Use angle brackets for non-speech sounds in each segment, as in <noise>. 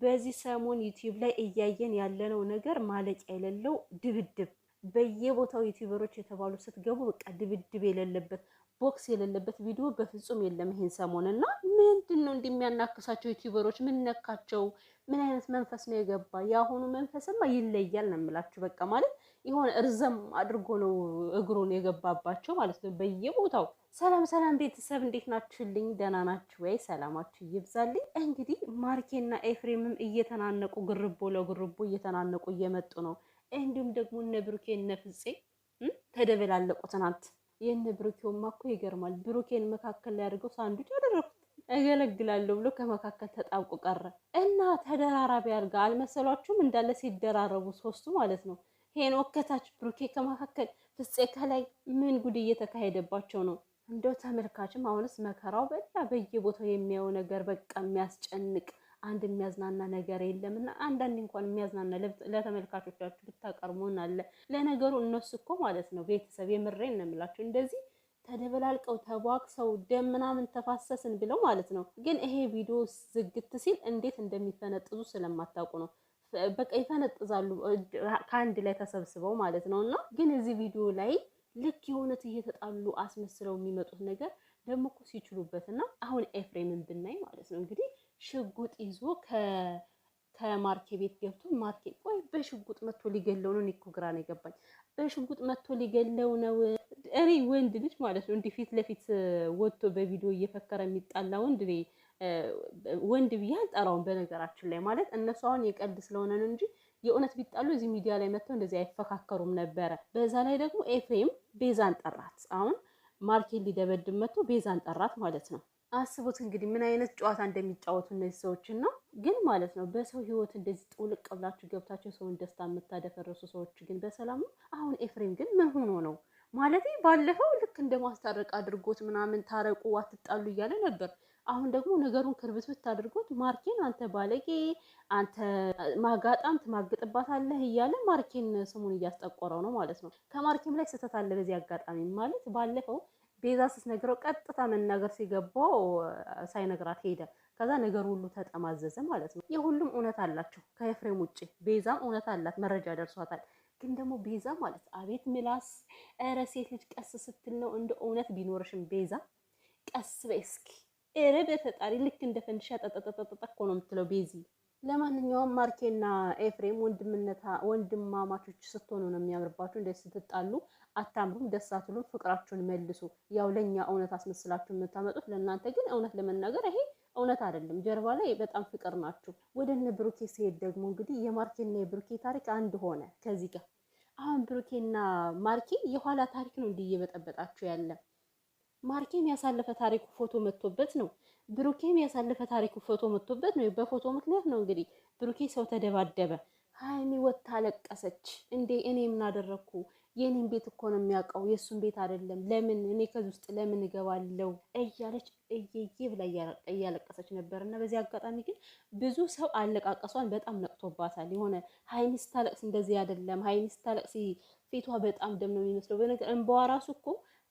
በዚህ ሰሞን ዩቲዩብ ላይ እያየን ያለነው ነገር ማለቂያ የሌለው ድብድብ በየቦታው ዩቲዩበሮች የተባሉ ስትገቡ በቃ ድብድብ የሌለበት ቦክስ የሌለበት ቪዲዮ በፍጹም የለም። ይሄን ሰሞን እና ምንድን ነው እንደሚያናክሳቸው ዩቲዩበሮች ምን ነካቸው? ምን አይነት መንፈስ ነው የገባ? የአሁኑ መንፈስማ ይለያል ነው የምላችሁ። በቃ ማለት የሆነ እርዘም አድርጎ ነው እግሩን የገባባቸው ማለት ነው በየቦታው። ሰላም ሰላም ቤተሰብ እንዴት ናችሁልኝ? ደህና ናችሁ ወይ? ሰላማችሁ ይብዛልኝ። እንግዲህ ማርኬና ኤፍሬምም እየተናነቁ ግርቦ ለግርቦ እየተናነቁ እየመጡ ነው። እንዲሁም ደግሞ እነ ብሩኬ እነ ፍፄ ተደበላለቁ ትናንት። የእነ ብሩኬውማ እኮ ይገርማል። ብሩኬን መካከል ላይ አድርገው ሳንዱች ያደረጉት እገለግላለሁ ብሎ ከመካከል ተጣብቆ ቀረ እና ተደራራቢ አልጋ አልመሰሏችሁም? እንዳለ ሲደራረቡ ሶስቱ ማለት ነው ይሄን ወከታች ብሩኬ ከመካከል ፍፄ ከላይ ምን ጉድ እየተካሄደባቸው ነው? እንደው ተመልካችም አሁንስ መከራው በላ በየቦታው የሚያየው ነገር በቃ የሚያስጨንቅ አንድ የሚያዝናና ነገር የለም። እና አንዳንድ እንኳን የሚያዝናና ለተመልካቾቻችሁ ብታቀርቡን አለ። ለነገሩ እነሱ እኮ ማለት ነው ቤተሰብ የምሬን ነው የምላችሁ እንደዚህ ተደበላልቀው ተቧቅሰው ደም ምናምን ተፋሰስን ብለው ማለት ነው። ግን ይሄ ቪዲዮ ዝግት ሲል እንዴት እንደሚፈነጥዙ ስለማታውቁ ነው። በቃ ይፈነጥዛሉ ከአንድ ላይ ተሰብስበው ማለት ነው። እና ግን እዚህ ቪዲዮ ላይ ልክ የእውነት እየተጣሉ አስመስለው የሚመጡት ነገር ደግሞ እኮ ሲችሉበት እና አሁን ኤፍሬምን ብናይ ማለት ነው እንግዲህ ሽጉጥ ይዞ ከማርኬ ቤት ገብቶ ማርኬ ቆይ በሽጉጥ መቶ ሊገለው ነው። እኔ እኮ ግራ ነው የገባኝ። በሽጉጥ መቶ ሊገለው ነው። እኔ ወንድ ልጅ ማለት ነው እንዲህ ፊት ለፊት ወጥቶ በቪዲዮ እየፈከረ የሚጣላ ወንድ ወንድ ብዬ አልጠራውም። በነገራችን ላይ ማለት እነሱ አሁን የቀልድ ስለሆነ ነው እንጂ የእውነት ቢጣሉ እዚህ ሚዲያ ላይ መጥተው እንደዚህ አይፈካከሩም ነበረ። በዛ ላይ ደግሞ ኤፍሬም ቤዛን ጠራት። አሁን ማርኬን ሊደበድብ መጥቶ ቤዛን ጠራት ማለት ነው። አስቡት እንግዲህ ምን አይነት ጨዋታ እንደሚጫወቱ እነዚህ ሰዎች ነው። ግን ማለት ነው በሰው ህይወት እንደዚህ ጥውልቅ ብላችሁ ገብታችሁ ሰውን ደስታ የምታደፈረሱ ሰዎች ግን በሰላም ነው። አሁን ኤፍሬም ግን ምን ሆኖ ነው ማለት ባለፈው ልክ እንደ ማስታረቅ አድርጎት ምናምን ታረቁ፣ አትጣሉ እያለ ነበር። አሁን ደግሞ ነገሩን ክርብትብት አድርጎት ማርኬን አንተ ባለጌ፣ አንተ ማጋጣም ትማግጥባታለህ እያለ ማርኬን ስሙን እያስጠቆረው ነው ማለት ነው። ከማርኬም ላይ ስህተት አለ በዚህ አጋጣሚ ማለት ባለፈው ቤዛ ስትነግረው ቀጥታ መናገር ሲገባው ሳይነግራት ሄደ። ከዛ ነገር ሁሉ ተጠማዘዘ ማለት ነው። የሁሉም እውነት አላቸው ከኤፍሬም ውጭ ቤዛም እውነት አላት፣ መረጃ ደርሷታል። ግን ደግሞ ቤዛ ማለት አቤት ምላስ! ኧረ ሴት ልጅ ቀስ ስትል ነው እንደ እውነት ቢኖርሽም ቤዛ ቀስ በይ እስኪ ኧረ በፈጣሪ ልክ እንደ ፈንድሻ ጠጠጠጠጠ እኮ ነው የምትለው ቤዚ። ለማንኛውም ማርኬና ኤፍሬም ወንድምነታ ወንድማማቾች ስትሆኑ ነው የሚያምርባችሁ። እንደ ስትጣሉ አታምሩም፣ ደስ አትሉም። ፍቅራችሁን መልሱ። ያው ለእኛ እውነት አስመስላችሁ የምታመጡት ለእናንተ ግን እውነት ለመናገር ይሄ እውነት አይደለም። ጀርባ ላይ በጣም ፍቅር ናችሁ። ወደ እነ ብሩኬ ሲሄድ ደግሞ እንግዲህ የማርኬና የብሩኬ ታሪክ አንድ ሆነ። ከዚህ ጋር አሁን ብሩኬና ማርኬ የኋላ ታሪክ ነው እንዲህ እየበጠበጣችሁ ያለ ማርኬም ያሳለፈ ታሪኩ ፎቶ መጥቶበት ነው። ብሩኬም ያሳለፈ ታሪኩ ፎቶ መጥቶበት ነው። በፎቶ ምክንያት ነው እንግዲህ ብሩኬ ሰው ተደባደበ፣ ሀይሚ ወታ አለቀሰች። እንዴ እኔ ምን የኔን ቤት እኮ ነው የሚያውቀው የእሱን ቤት አይደለም። ለምን እኔ ከዚህ ውስጥ ለምን እገባለው? እያለች እየዬ ብላ እያለቀሰች ነበር። እና በዚህ አጋጣሚ ግን ብዙ ሰው አለቃቀሷን በጣም ነቅቶባታል። የሆነ ሀይሚ ስታለቅስ እንደዚህ አይደለም። ሀይሚ ስታለቅስ ፊቷ በጣም ደም ነው የሚመስለው። በነገር እንበዋ ራሱ እኮ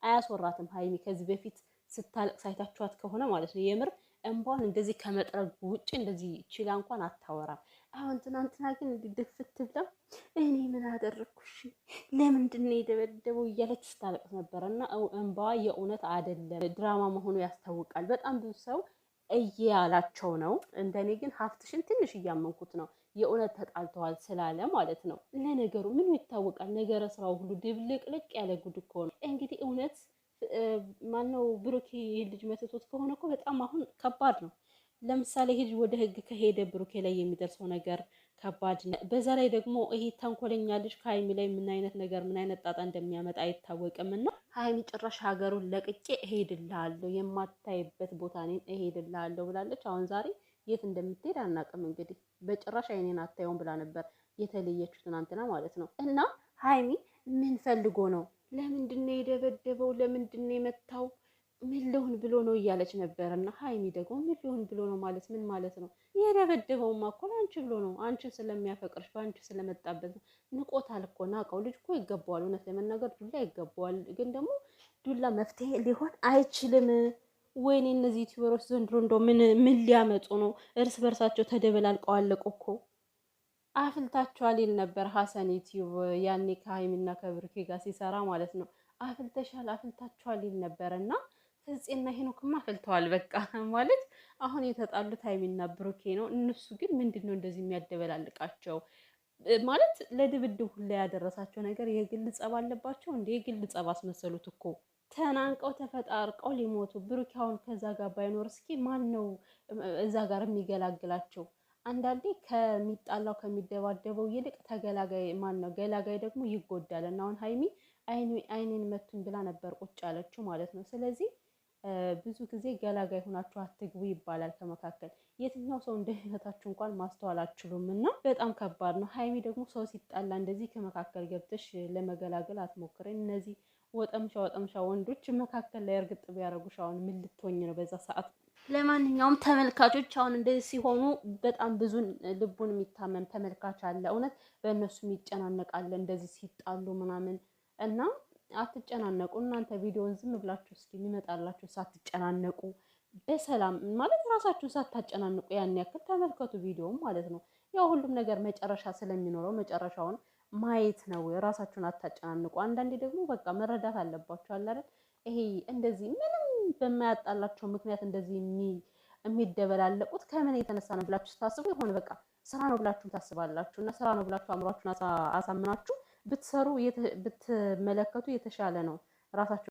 አያስወራትም። ሀይሚ ከዚህ በፊት ስታለቅ ሳይታችኋት ከሆነ ማለት ነው የምር እንባውን እንደዚህ ከመጥረግ ውጭ እንደዚህ ችላ እንኳን አታወራም። አሁን ትናንትና ግን ድፍት ብለው እኔ ምን አደረግኩሽ ለምንድን ነው የደበደበው እያለች ስታለቅስ ነበረ እና እንባዋ የእውነት አደለም ድራማ መሆኑ ያስታውቃል። በጣም ብዙ ሰው እያላቸው ነው። እንደኔ ግን ሀፍትሽን ትንሽ እያመንኩት ነው የእውነት ተጣልተዋል ስላለ ማለት ነው። ለነገሩ ምን ይታወቃል? ነገረ ስራው ሁሉ ድብልቅልቅ ያለ ጉድ እኮ ነው። እንግዲህ እውነት ማነው ብሩኬ ይህ ልጅ መተቶት ከሆነ እኮ በጣም አሁን ከባድ ነው። ለምሳሌ ይሄ ወደ ህግ ከሄደ ብሩኬ ላይ የሚደርሰው ነገር ከባድ ነው። በዛ ላይ ደግሞ ይሄ ተንኮለኛ ልጅ ከሀይሚ ላይ ምን አይነት ነገር ምን አይነት ጣጣ እንደሚያመጣ አይታወቅም። እና ሀይሚ ጭራሽ ሀገሩን ለቅቄ እሄድልሃለሁ፣ የማታይበት ቦታ እኔን እሄድልሃለሁ ብላለች። አሁን ዛሬ የት እንደምትሄድ አናውቅም። እንግዲህ በጭራሽ አይኔን አታየውም ብላ ነበር የተለየችው ትናንትና ማለት ነው። እና ሀይሚ ምን ፈልጎ ነው? ለምንድን ነው የደበደበው? ለምንድን ነው የመታው? ምን ልሁን ብሎ ነው እያለች ነበር። እና ሀይሚ ደግሞ ምን ልሁን ብሎ ነው ማለት ምን ማለት ነው? የደበደበውማ እኮ አንቺ ብሎ ነው። አንቺን ስለሚያፈቅርሽ በአንቺ ስለመጣበት ነው። ንቆታል እኮ ናቀው። ልጅ እኮ ይገባዋል፣ እውነት ለመናገር ዱላ ይገባዋል። ግን ደግሞ ዱላ መፍትሄ ሊሆን አይችልም። ወይኔ እነዚህ ዩቲዩበሮች ዘንድሮ እንደው ምን ምን ሊያመጡ ነው? እርስ በርሳቸው ተደበላልቀው አለቁ እኮ አፍልታችኋል ይል ነበር ሀሰን ዩቲዩብ ያኔ ከሀይሚና ከብሩኬ ጋር ሲሰራ ማለት ነው። አፍልተሻል፣ አፍልታችኋል ይል ነበር እና ፍፄና ሄኖክማ ፈልተዋል። በቃ <laughs> ማለት አሁን የተጣሉት ሀይሚና ብሩኬ ነው። እነሱ ግን ምንድን ነው እንደዚህ የሚያደበላልቃቸው? ማለት ለድብድብ ሁላ ያደረሳቸው ነገር የግል ጸብ አለባቸው። እንደ የግል ጸብ አስመሰሉት እኮ ተናንቀው ተፈጣርቀው ሊሞቱ። ብሩኬ አሁን ከዛ ጋር ባይኖር እስኪ ማን ነው እዛ ጋር የሚገላግላቸው? አንዳንዴ ከሚጣላው ከሚደባደበው ይልቅ ተገላጋይ ማን ነው? ገላጋይ ደግሞ ይጎዳል። እና አሁን ሀይሚ አይኔን መቱን ብላ ነበር ቁጭ ያለችው ማለት ነው። ስለዚህ ብዙ ጊዜ ገላጋይ ሆናችሁ አትግቡ ይባላል ከመካከል የትኛው ሰው እንደህነታችሁ እንኳን ማስተዋል አትችሉም እና በጣም ከባድ ነው። ሀይሚ ደግሞ ሰው ሲጣላ እንደዚህ ከመካከል ገብተሽ ለመገላገል አትሞክረኝ እነዚህ ወጠምሻ ወጠምሻ ወንዶች መካከል ላይ እርግጥ ቢያደርጉሽ አሁን ምን ልትሆኝ ነው በዛ ሰዓት? ለማንኛውም ተመልካቾች አሁን እንደዚህ ሲሆኑ በጣም ብዙ ልቡን የሚታመም ተመልካች አለ። እውነት በእነሱ የሚጨናነቃለ እንደዚህ ሲጣሉ ምናምን እና አትጨናነቁ። እናንተ ቪዲዮን ዝም ብላችሁ እስኪ የሚመጣላችሁ ሳትጨናነቁ በሰላም ማለት ራሳችሁን ሳታጨናንቁ ያን ያክል ተመልከቱ ቪዲዮውን ማለት ነው። ያው ሁሉም ነገር መጨረሻ ስለሚኖረው መጨረሻውን ማየት ነው። ራሳችሁን አታጨናንቁ። አንዳንዴ ደግሞ በቃ መረዳት አለባችሁ አለ ይሄ እንደዚህ ምንም በማያጣላቸው ምክንያት እንደዚህ የሚደበላለቁት ከምን የተነሳ ነው ብላችሁ ስታስቡ የሆነ በቃ ስራ ነው ብላችሁ ታስባላችሁ እና ስራ ነው ብላችሁ አእምሯችሁን አሳምናችሁ ብትሰሩ ብትመለከቱ የተሻለ ነው ራሳቸው